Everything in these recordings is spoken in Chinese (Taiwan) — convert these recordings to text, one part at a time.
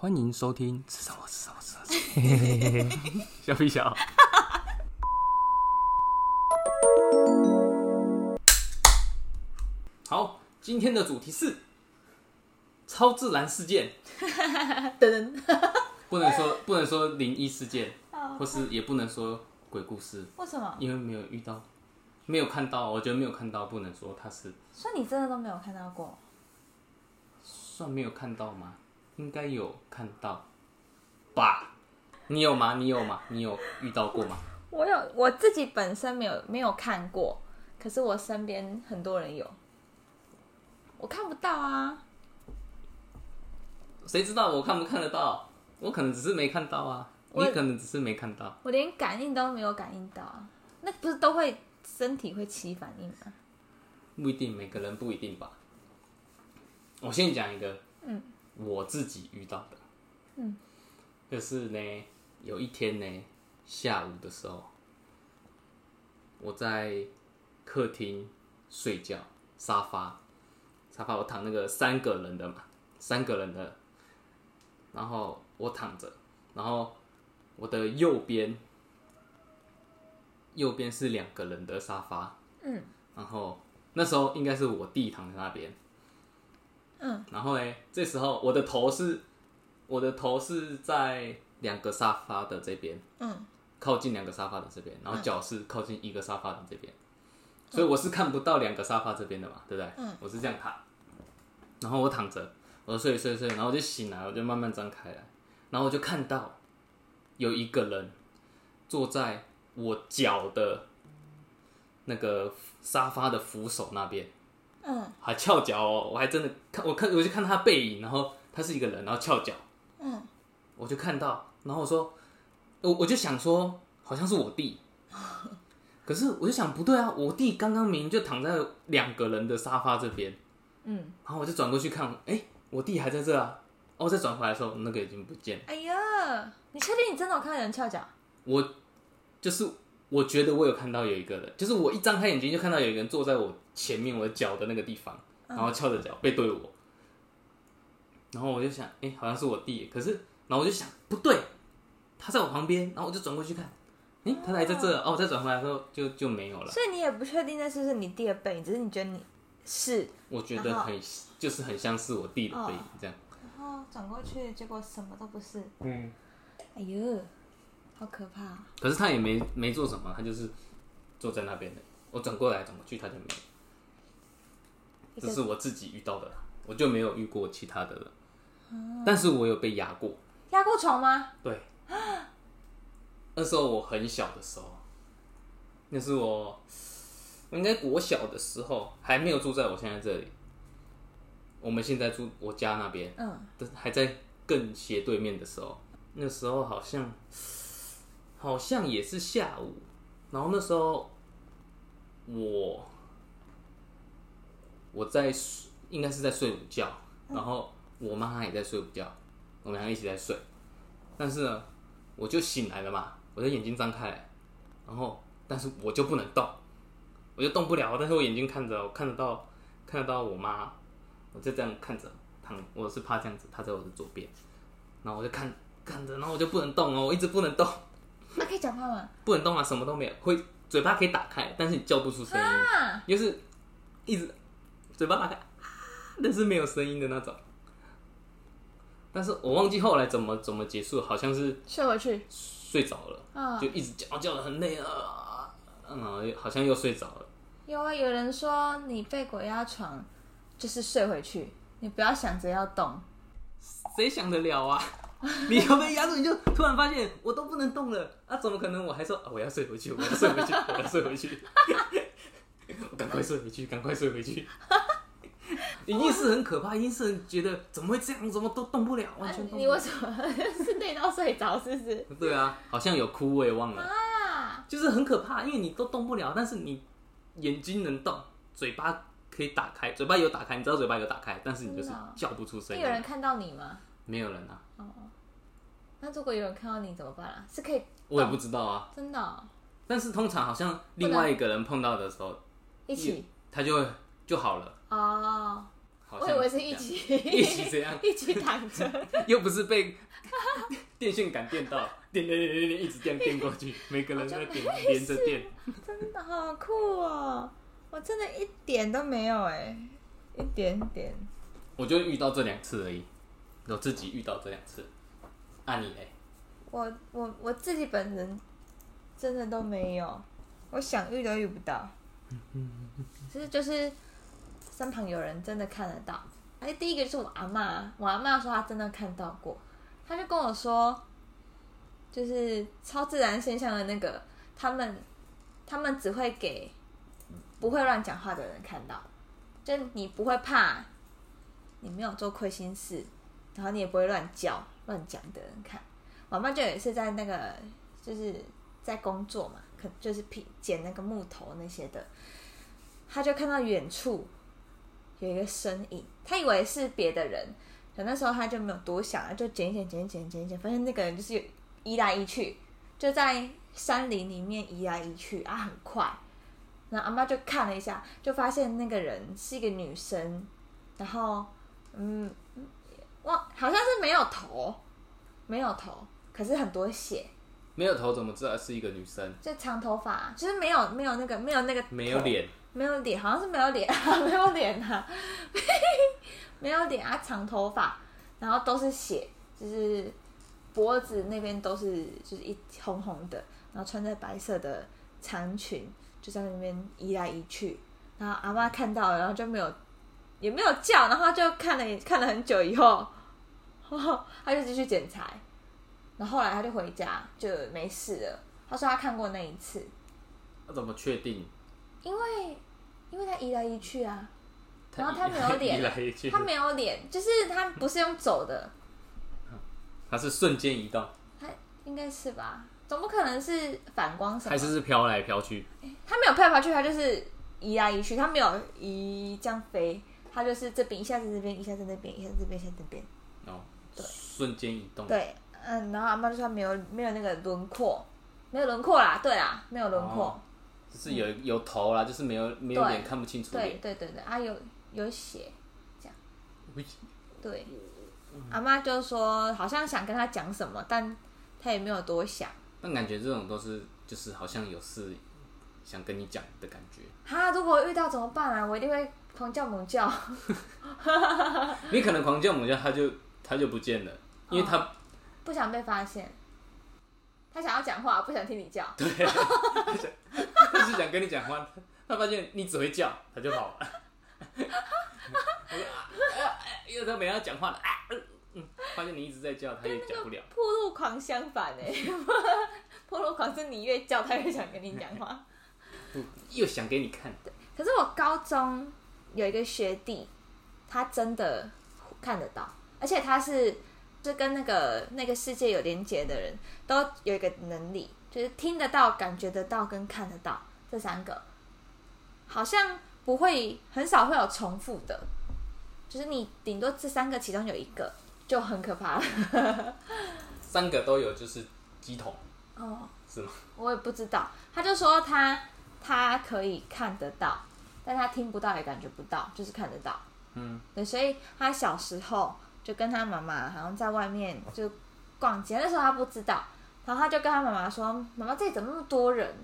歡迎收聽《吃什麼吃什麼吃什麼》。嘿嘿嘿嘿嘿，笑一笑。， 好，今天的主題是超自然事件。等，不能說不能說靈異事件，或是也不能說鬼故事。為什麼？因為沒有遇到，沒有看到。我覺得沒有看到，不能說它是。算你真的都沒有看到過？算沒有看到嗎？應該有看到吧？你有嗎？你有嗎？你有遇到過嗎？ 我有，我自己本身沒有沒有看過，可是我身邊很多人有，我看不到啊。誰知道我看不看得到？我可能只是沒看到啊，你可能只是沒看到，我連感應都沒有感應到啊。那不是都會身體會起反應嗎？不一定，每個人不一定吧。我先講一個，嗯。我自己遇到的，嗯，就是呢，有一天呢，下午的時候，我在客廳睡覺，沙發，沙發我躺那個三個人的嘛，三個人的，然後我躺着，然後我的右邊，右邊是兩個人的沙發，嗯，然後那時候應該是我弟躺在那邊。嗯，然後呢，這時候我的頭是，我的頭是在兩個沙發的這邊，嗯，靠近兩個沙發的這邊，然後腳是靠近一個沙發的這邊，嗯，所以我是看不到兩個沙發這邊的嘛，對不對？嗯，我是這樣躺，然後我躺着，我睡睡睡，然後我就醒來，我就慢慢張開了，然後我就看到有一個人坐在我腳的，那個沙發的扶手那邊。嗯，還翹腳哦！我還真的看，我看我就看他背影，然後他是一個人，然後翹腳。嗯，我就看到，然後我說，我我就想說，好像是我弟。 可是我就想不對啊，我弟剛剛明明就躺在兩個人的沙發這邊。嗯，然後我就轉過去看，哎、欸，我弟還在這啊！哦，再轉回來的時候，那個已經不見了。哎呀，你確定你真的有看到人翹腳？我就是。我覺得我有看到有一個人，就是我一張開眼睛就看到有一個人坐在我前面，我腳的那個地方，然後翹着腳背對我。然後我就想，哎，好像是我弟。可是，然後我就想，不對，他在我旁邊。然後我就轉過去看，欸，他還在這兒。哦，再轉回來的時候就就沒有了。所以你也不確定那是不是你弟的背影，只是你覺得你是。我覺得很就是很像是我弟的背影這樣。然後轉過去，結果什麼都不是。嗯。哎呦。好可怕哦！可是他也沒沒做什麼，他就是坐在那邊的。我轉過來轉過去，他就沒。這是我自己遇到的，我就沒有遇過其他的了。但是我有被壓過，壓過床嗎？對。那時候我很小的時候，那是我，應該我小的時候，還沒有住在我現在這裡。我們現在住我家那邊，嗯，還在更斜對面的時候，那時候好像。好像也是下午，然後那時候，我，我在應該是在睡午覺，然後我媽也在睡午覺，我們倆一起在睡。但是呢，我就醒來了嘛，我的眼睛張開來，然後但是我就不能動，我就動不了。但是我眼睛看着，我看得到，看得到我媽，我就這樣看着，躺，我是趴這樣子，她在我的左邊，然後我就看看着，然後我就不能動哦，我一直不能動。那、啊、可以講話嗎？不能動啊，什麼都沒有。會嘴巴可以打開，但是你叫不出聲音，就、啊、是一直嘴巴打開，但是沒有聲音的那種。但是我忘記後來怎麼怎麼結束，好像是睡，睡回去，睡着了，就一直叫叫得很累了啊，嗯，好像又睡着了。有啊，有人說你被鬼壓床，就是睡回去，你不要想着要動，誰想得了啊？你有被壓住，你就突然發現我都不能動了啊！怎麼可能？我還說、啊、我要睡回去，我要睡回去，我要睡回去，我趕 快睡回去，趕快睡回去。哈哈，硬是很可怕，硬是很覺得怎麼會這樣？怎麼都動不了，完全動不、啊、你為什麼是累到睡着，是不是？對啊，好像有哭，我也忘了啊。就是很可怕，因為你都動不了，但是你眼睛能動，嘴巴可以打開，嘴巴有打開，你知道嘴巴有打開，但是你就是叫不出聲。啊、有人看到你嗎？沒有人吶、啊。哦，那如果有人看到你怎麼辦啊？是可以，我也不知道啊。真的、哦。但是通常好像另外一個人碰到的時候，一起，他就就好了。哦，我以為是一起一起這樣 一起躺着 ，又不是被電線感電到，電電電電一直電電過去，每個人都在電連着電，真的好酷哦！我真的一點都沒有哎、欸，一點點。我就遇到這兩次而已。我自己遇到這兩次，那、啊、你嘞？我我我自己本人真的都沒有，我想遇都遇不到，嗯嗯嗯，其實就是身旁有人真的看得到。哎，第一個就是我阿嬤，我阿嬤說她真的看到過，她就跟我說，就是超自然現象的那個，他們他們只會給不會亂講話的人看到，就是你不會怕，你沒有做虧心事。然後你也不會亂叫亂講的人看。阿嬤就也是在那個，就是在工作嘛，可就是劈撿那個木頭那些的。他就看到遠處有一個身影，他以為是別的人，可那時候他就沒有多想，就撿撿撿撿撿撿，發現那個人就是移來移去，就在山林裡面移來移去啊，很快。那阿嬤就看了一下，就發現那個人是一個女生，然後嗯。哇，好像是沒有頭，沒有頭，可是很多血。沒有頭怎麼知道是一個女生？就長頭髮啊，就是沒有沒有那個沒有那個沒有臉，沒有臉，好像是沒有臉，沒有臉啊，沒有臉啊， 啊，長頭髮，然後都是血，就是脖子那邊都是就是一紅紅的，然後穿着白色的長裙，就在那邊移來移去，然後阿媽看到了，然後就沒有。也沒有叫，然後就看了看了很久以後，呵呵，他就繼續剪裁。然後後來他就回家，就沒事了。他說他看過那一次。他怎麼確定？因為因為他移來移去啊移，然後他沒有臉，他沒有臉，就是他不是用走的， 他是瞬間移動，他應該是吧，總不可能是反光什麼，還是是飄來飄去，欸？他沒有飄來飄去，他就是移來移去，他沒有移這樣飛。他就是這邊一下子這，這邊一下子，那邊一下子這邊，這邊一下子這邊，一下子這邊哦，對瞬間移動，對，嗯，然後阿媽就說沒有沒有那個輪廓，沒有輪廓啦，對啊，沒有輪廓、哦，就是有、嗯、有頭啦，就是沒有沒有臉看不清楚，對對對對，啊有有血這樣 對，阿媽就說好像想跟他講什麼，但他也沒有多想，那感覺這種都是就是好像有事想跟你講的感覺，他、啊、如果遇到怎麼辦啊？我一定會。狂叫猛叫， 你可能狂叫猛叫，他就他就不見了，因為他、哦、不想被發現，他想要講話，不想聽你叫，對，他 他就是想跟你講話，他發現你只會叫，他就跑了。因 為、 哎哎、他又它要講話了啊、哎，嗯，發現你一直在叫，他也講不了。暴露狂相反哎，暴 露狂是你越叫他越想跟你講話，又想給你看。可是我高中。有一個學弟，他真的看得到，而且他是是跟那個那個世界，有連接的人，都有一個能力，就是聽得到、感覺得到跟看得到這三個，好像不會很少會有重複的，就是你頂多這三個其中有一個就很可怕了， 三個都有就是乩童哦、oh, 是嗎？我也不知道，他就說他他可以看得到。但他聽不到也感覺不到，就是看得到。嗯，對，所以他小時候就跟他媽媽好像在外面就逛街，那時候他不知道，然後他就跟他媽媽說：“媽媽，這裡怎麼那麼多人？”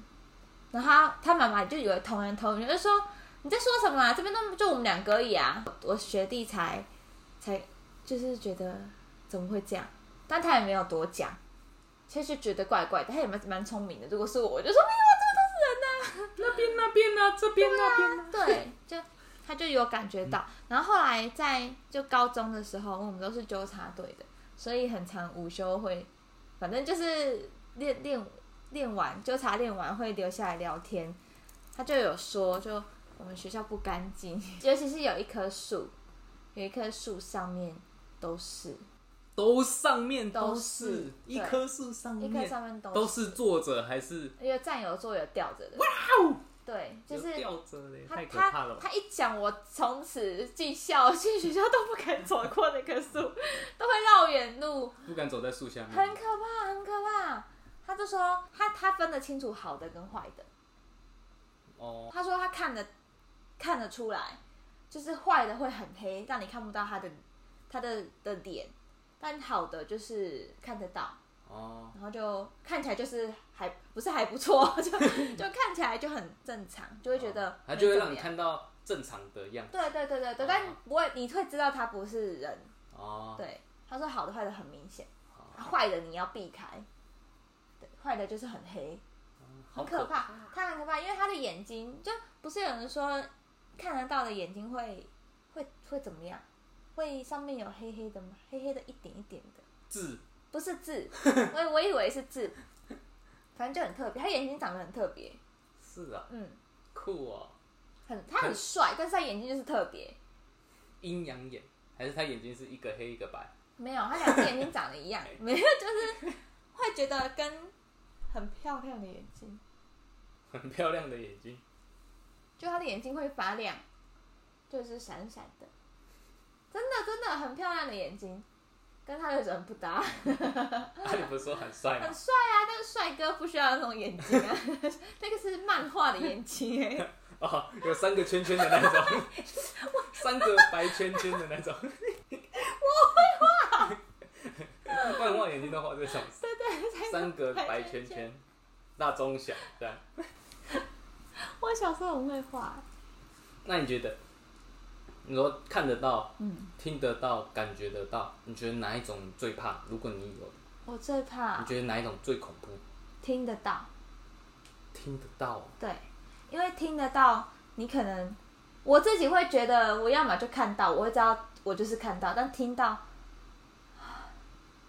然後他他媽媽就以為偷人偷人，就說：“你在說什麼啊？這邊都就我們兩個而已啊。”我學弟才才就是覺得怎麼會這樣，但他也沒有多講，其實覺得怪怪的。他也蠻蠻聰明的，如果是我，我就說邊那邊呢、啊，這邊、啊啊、那邊、啊、對， 就他就有感覺到，然後後來在就高中的時候，我們都是糾察隊的，所以很常午休會，反正就是練練練完糾察練完會留下來聊天。他就有說，就我們學校不乾淨，尤其是有一棵樹，有一棵樹上面都是，都上面都是，都是對一棵樹上面一棵上面都是都是坐着還是有站有坐有吊着的。哇哦對，就是他吊太了他他一講，我從此進校進學校都不敢走過那棵樹， 都會繞遠路，不敢走在樹下面，很可怕，很可怕。他就說，他他分得清楚好的跟壞的。哦、oh.，他說他看得看得出來，就是壞的會很黑，讓你看不到他的他的的臉，但好的就是看得到。哦、oh.，然後就看起來就是還不是還不錯，就 就看起來就很正常，就會覺得他、oh. 就會讓你看到正常的樣子。對對對對，oh. 但不會，你會知道他不是人哦。Oh. 對，他說好的壞的很明顯，壞、oh. 啊、的你要避開，壞的就是很黑，oh. 很可怕，他、oh. 很可怕，因為他的眼睛就不是有人說看得到的眼睛會會會怎麼樣，會上面有黑黑的嗎？黑黑的一點一點的字。不是字，我我以為是字， 反正就很特別。他眼睛長得很特別。是啊。嗯。酷哦。很，他很帥，但是他眼睛就是特別。陰陽眼？還是他眼睛是一個黑一個白？沒有，他兩只眼睛長得一樣， 沒有，就是會覺得跟很漂亮的眼睛。很漂亮的眼睛。就他的眼睛會發亮，就是閃閃的，真的，真的很漂亮的眼睛。跟他的人不搭呵呵、啊，那你不是說很帥嗎？很帥啊，但是帥哥不需要那種眼睛啊， 那個是漫畫的眼睛 哦，有三個圈圈的那種，三個白圈圈的那種。我, 我會畫畫笑，漫畫眼睛都畫這種。三個白圈圈， 大中小，對。我小時候很會畫、欸。那你覺得？你說看得到，嗯，聽得到，感覺得到，你覺得哪一種最怕？如果你有，我最怕。你覺得哪一種最恐怖？聽得到，聽得到啊。對，因為聽得到，你可能我自己會覺得，我要麼就看到，我會知道我就是看到，但聽到，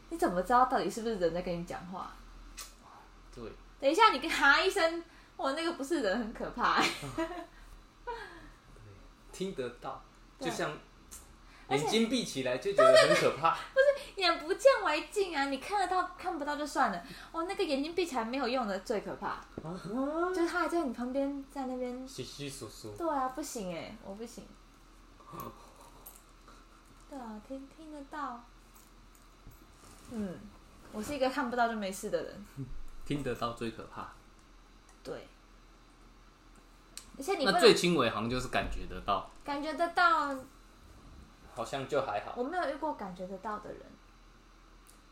你怎麼知道到底是不是人在跟你講話？對。等一下你跟哈一聲，我那個不是人，很可怕欸。哈 對，聽得到。就像眼睛閉起來就覺得很可怕，對對對，不是眼不見為淨啊！你看得到看不到就算了，哦，那個眼睛閉起來沒有用的最可怕，啊，就是他還在你旁邊，在那邊窸窸窣窣。對啊，不行哎，欸，我不行。對啊，聽聽得到。嗯，我是一個看不到就沒事的人，聽得到最可怕。對。而且你那最輕微好像就是感覺得到，感覺得到，好像就還好。我沒有遇過感覺得到的人，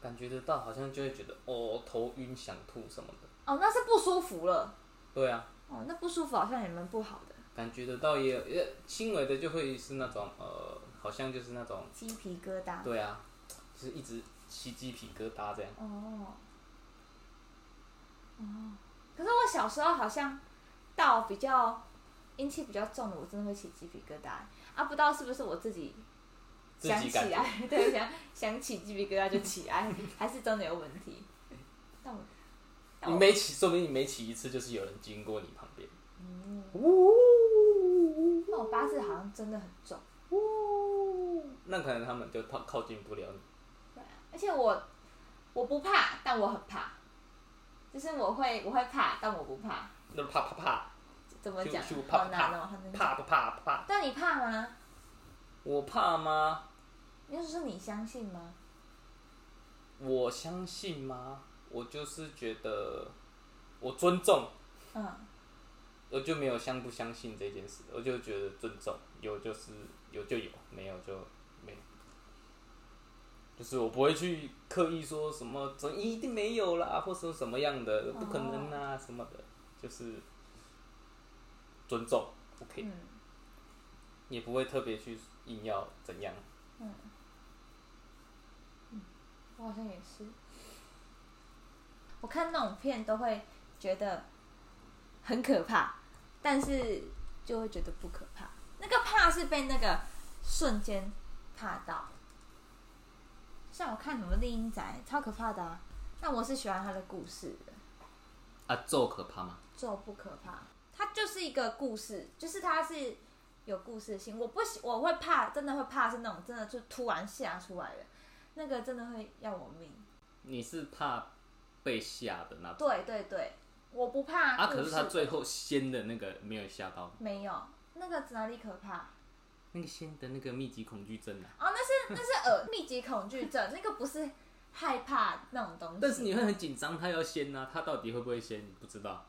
感覺得到好像就會覺得哦，頭暈、想吐什麼的。哦，那是不舒服了。對啊。哦，那不舒服好像也蠻不好的。感覺得到也也輕微的就會是那種呃，好像就是那種雞皮疙瘩。對啊，就是一直起雞皮疙瘩這樣。哦。哦。可是我小時候好像到比較。陰氣比較重的，我真的會起雞皮疙瘩。啊，不知道是不是我自己想起來， 對，想想起雞皮疙瘩就起來， 還是真的有問題，嗯但？你沒起，說明你每起一次，就是有人經過你旁邊。那、嗯、我八字好像真的很重呼呼。那可能他們就靠靠近不了你。而且我我不怕，但我很怕，就是我會我會怕，但我不怕。那怕怕怕、怕。怎麼講？怕不怕？喔、怕，不怕不怕？怕。但你怕嗎？我怕嗎？意思是，你相信嗎？我相信嗎？我就是覺得，我尊重、嗯。我就沒有相不相信這件事，我就覺得尊重，有就是有就有，沒有就沒有。就是我不會去刻意說什麼，怎麼一定沒有啦，或者什麼樣的不可能啊、哦、什麼的，就是。尊重，OK，嗯，也不會特別去硬要怎樣。嗯，我好像也是。我看那種片都會覺得很可怕，但是就會覺得不可怕。那個怕是被那個瞬間怕到。像我看什麼《厲陰宅》，超可怕的，啊，但我是喜歡他的故事的。啊，咒可怕嗎？咒不可怕。它就是一個故事，就是它是有故事性。我不喜，我會怕，真的會怕是那種真的就突然嚇出來的那個真的會要我命。你是怕被嚇的那種？對對對，我不怕。啊，可是他最後掀的那個沒有嚇到，啊，沒有到。沒有，那個哪裡可怕？那個掀的那個密集恐懼症啊！哦，那是那是耳 密集恐懼症，那個不是害怕那種東西。但是你會很緊張，他要掀啊，他到底會不會掀？你不知道。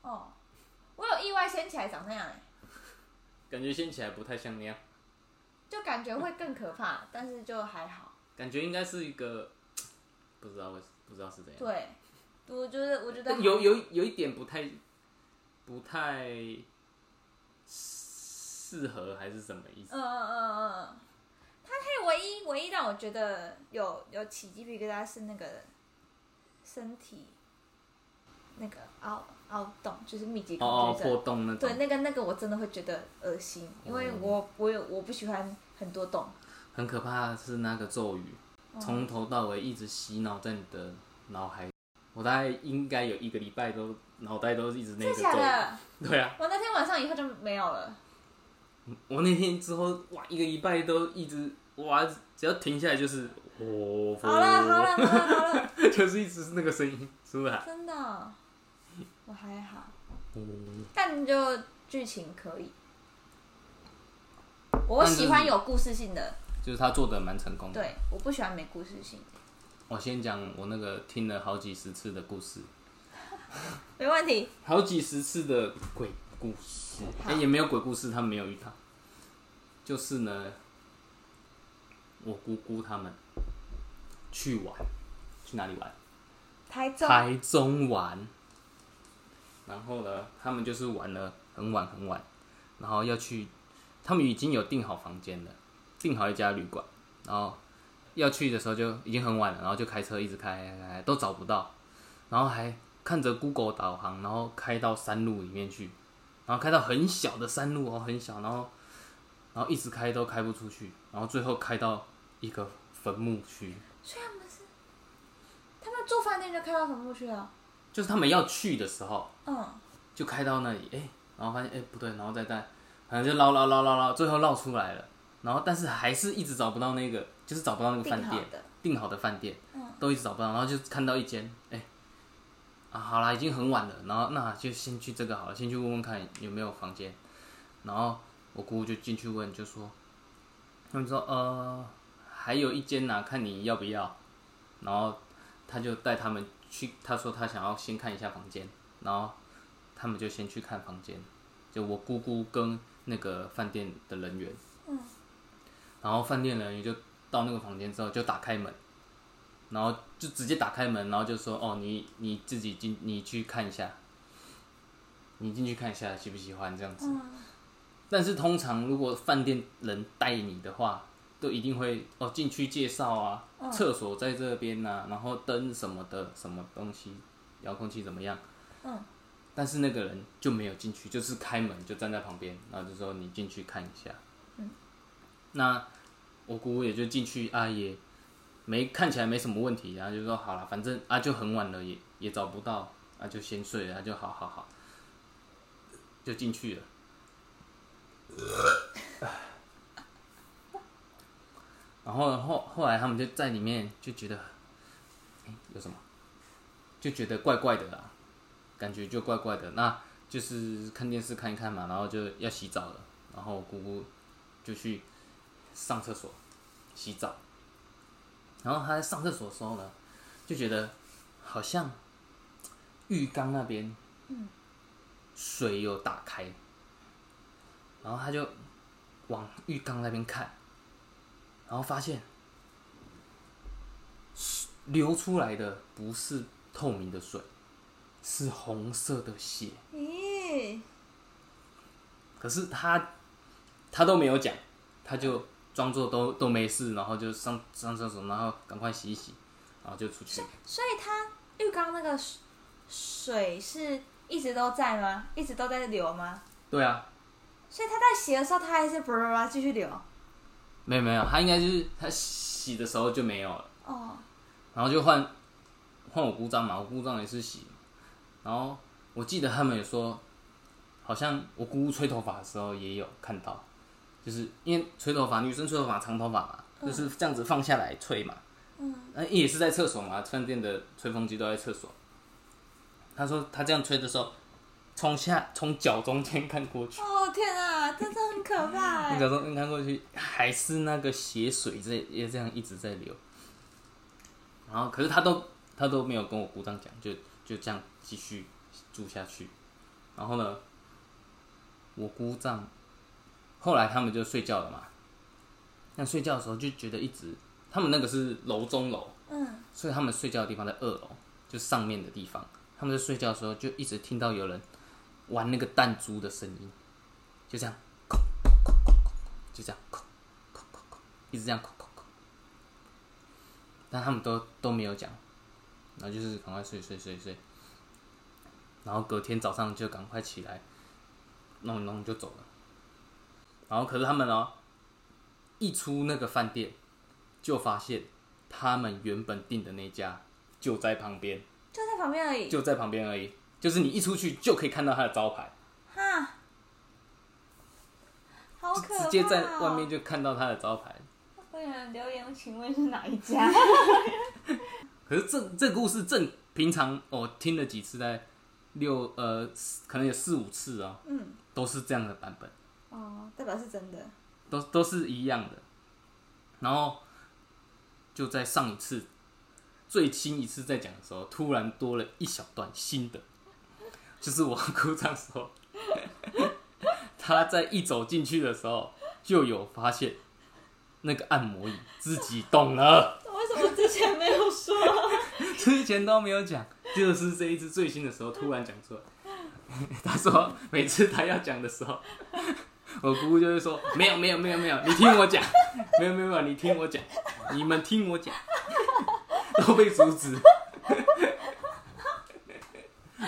哦。我有意外，掀起來長那樣哎，感覺掀起來不太像那樣，就感覺會更可怕，但是就還好。感覺應該是一個不知道為什，不知道是怎樣。對，我覺得我覺得有有有一點不太不太適合還是什麼意思？嗯嗯嗯嗯，呃呃、唯一唯一讓我覺得有有起雞皮疙瘩，是那個身體。那個凹凹洞就是密集洞、哦哦、破洞那症，對那個那個我真的會覺得噁心、嗯，因為我我有我不喜歡很多洞。很可怕的是那個咒語，從、哦、頭到尾一直洗腦在你的腦海。我大概應該有一個禮拜都腦袋都一直那個咒語對啊。我那天晚上以後就沒有了。我那天之後哇，一個禮拜都一直哇，只要停下來就是我、哦。好了好了好了好了，好了好了 就是一直是那個聲音，是不是、啊？真的。我還好，但就劇情可以，我喜歡有故事性的，就是他做的蠻成功的。對，我不喜歡沒故事性。我先講我那個聽了好幾十次的故事，沒問題。好幾十次的鬼故事，哎，也沒有鬼故事，他們沒有遇到，就是呢，我姑姑他們去玩，去哪裡玩？台中，台中玩。然後呢，他們就是玩了很晚很晚，然後要去，他們已經有訂好房間了，訂好一家旅館，然後要去的時候就已經很晚了，然後就開車一直開，都找不到，然後還看着 Google 導航，然後開到山路裡面去，然後開到很小的山路哦，很小，然後然後一直開都開不出去，然後最後開到一個墳墓區。雖然不是，他們住飯店就開到墳墓去了，啊。就是他們要去的時候，嗯、就開到那裡，欸、然後發現，哎、欸，不對，然後再帶，反正就繞繞繞繞繞，最後繞出來了，然後但是還是一直找不到那個，就是找不到那個飯店，訂好的飯店、嗯，都一直找不到，然後就看到一間，哎、欸，啊，好啦，已經很晚了，然後那就先去這個好了，先去問問看有沒有房間，然後我姑姑就進去問，就說，他們說，呃，還有一間呢、啊，看你要不要，然後。他就帶他們去，他說他想要先看一下房間，然後他們就先去看房間，就我姑姑跟那個飯店的人員，嗯，然後飯店人員就到那個房間之後就打開門，然後就直接打開門，然後就說：“哦，你你自己進，你去看一下，你進去看一下，喜不喜歡這樣子。”但是通常如果飯店人帶你的話，就一定會哦，進去介紹啊，廁所在這邊啊，oh. 然後燈什麼的什麼東西，遙控器怎麼樣？嗯、oh.，但是那個人就沒有進去，就是開門就站在旁邊，然後就說你進去看一下。嗯，那我姑姑也就進去啊，也沒看起來沒什麼問題，啊，然後就說好了，反正啊就很晚了，也也找不到啊，就先睡了，啊就好，好好，就進去了。 然後後後來他們就在裡面就覺得，哎，有什麼？就覺得怪怪的啦，感覺就怪怪的。那就是看電視看一看嘛，然後就要洗澡了。然後姑姑就去上廁所洗澡。然後她在上廁所的時候呢，就覺得好像浴缸那邊嗯水有打開，然後她就往浴缸那邊看，然後發現，流出來的不是透明的水，是紅色的血。咦、欸！可是他他都沒有講，他就裝作都都沒事，然後就上上廁所，然後趕快洗一洗，然後就出去。所以，所以他浴缸那個水是一直都在嗎？一直都在那流嗎？對啊。所以他在洗的時候，他還是不知道繼續流。沒有沒有，他應該就是他洗的時候就沒有了。哦，然後就換換我姑丈嘛，我姑丈也是洗。然後我記得他們也說，好像我姑姑吹頭髮的時候也有看到，就是因為吹頭髮，女生吹頭髮長頭髮嘛，就是這樣子放下來吹嘛。嗯，那也是在廁所嘛，飯店的吹風機都在廁所。他說他這樣吹的時候。從下從腳中間看過去哦，哦天啊，真的很可怕！從腳中間看過去，還是那個血水在也這樣一直在流。然後，可是他都他都沒有跟我姑丈講，就就這樣繼續住下去。然後呢，我姑丈後來他們就睡覺了嘛。那睡覺的時候就覺得一直，他們那個是樓中樓，嗯，所以他們睡覺的地方在二樓，就上面的地方。他們在睡覺的時候就一直聽到有人玩那個彈珠的聲音，就這樣，就這樣，一直這樣，但他們都都沒有講，然後就是趕快睡睡睡睡，然後隔天早上就趕快起來，弄弄就走了。然後可是他們喔，一出那個飯店，就發現他們原本訂的那家就在旁邊，就在旁邊而已，就在旁邊而已。就是你一出去就可以看到他的招牌，哈，好，可愛。直接在外面就看到他的招牌對。歡迎留言，請問是哪一家？ 可是這這個、故事正平常，我聽了幾次，在六呃，可能有四五次哦、喔，嗯，都是這樣的版本。哦，代表是真的，都都是一樣的。然後就在上一次，最新一次在講的時候，突然多了一小段新的。就是我姑丈說的時候他在一走進去的時候就有發現那個按摩椅自己動了。為什麼之前沒有說？ 之前都沒有講，就是這一次最新的時候突然講出來。他說每次他要講的時候，我姑姑就會說沒有沒有沒有沒有，你聽我講，沒有沒有你聽我講， 你,你們聽我講，都被阻止。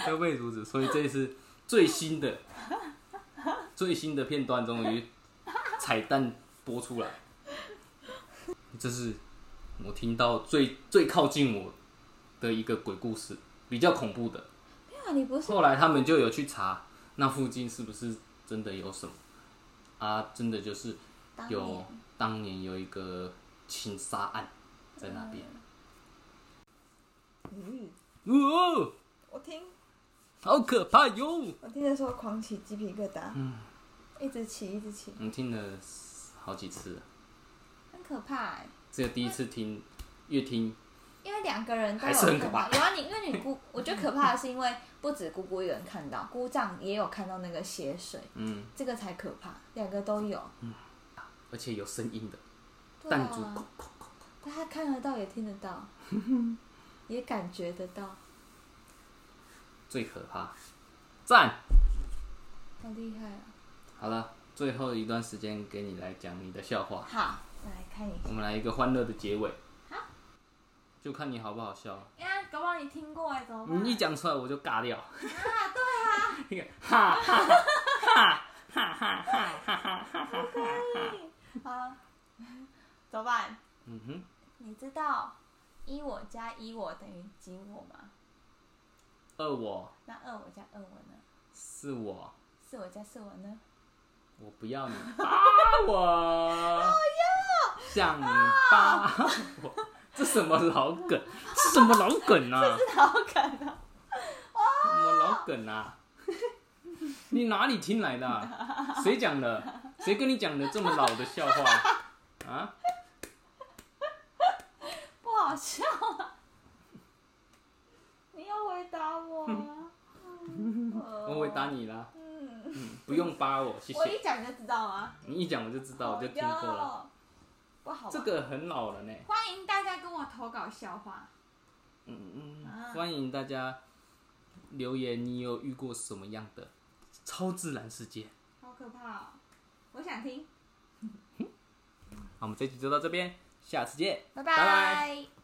都被阻止，所以這是最新的最新的片段終於彩蛋播出來。這是我聽到最最靠近我的一個鬼故事，比較恐怖的。後來他們就有去查那附近是不是真的有什麼啊？真的就是有當年有一個情殺案在那邊。嗯，我聽。好可怕喲！我聽的時候狂起雞皮疙瘩，嗯，一直起一直起。我聽了好幾次，很可怕，欸、只這個第一次聽，越聽。因為兩個人都有很可怕，有啊，你因為你姑， 我覺得可怕的是，因為不止姑姑有人看到，姑 丈也有看到那個血水，嗯，這個才可怕，兩個都有，嗯，而且有聲音的彈、啊、珠，咕咕咕咕咕咕但他看得到也聽得到， 也感覺得到。最可怕，讚，好厲害啊！好了，最後一段時間給你來講你的笑話。好，來看你。我們來一個歡樂的結尾。好，就看你好不好笑。呀、嗯，搞不好你聽過哎、欸、怎麼辦。你、嗯、一講出來我就尬掉。啊，對啊。 你看，哈哈哈哈哈哈哈哈哈哈哈哈哈哈。哈 哈哈哈哈,哈,哈 嗯哼，你知道一我加一我等於幾我嗎？二我，那二我加二我呢？是我，是我加是我呢？我不要你，八、啊、我，我、oh、要、yeah!，想你爸。這什麼老梗？這 什麼老梗啊？這是老梗啊！什麼老梗啊？啊你哪裡聽來的、啊？誰 講的？誰跟你講的這麼老的笑話 啊？不好笑、啊。打我、啊， 我會打你啦。嗯嗯、不用巴我， 謝謝。我一講你就知道啊。你一講我就知道，我就聽過了。這個很老了呢。歡迎大家跟我投稿笑話。嗯嗯、歡迎大家留言，你有遇過什麼樣的超自然世界？好可怕、哦，我想聽。 好，我們這期就到這邊，下次見，拜拜。Bye bye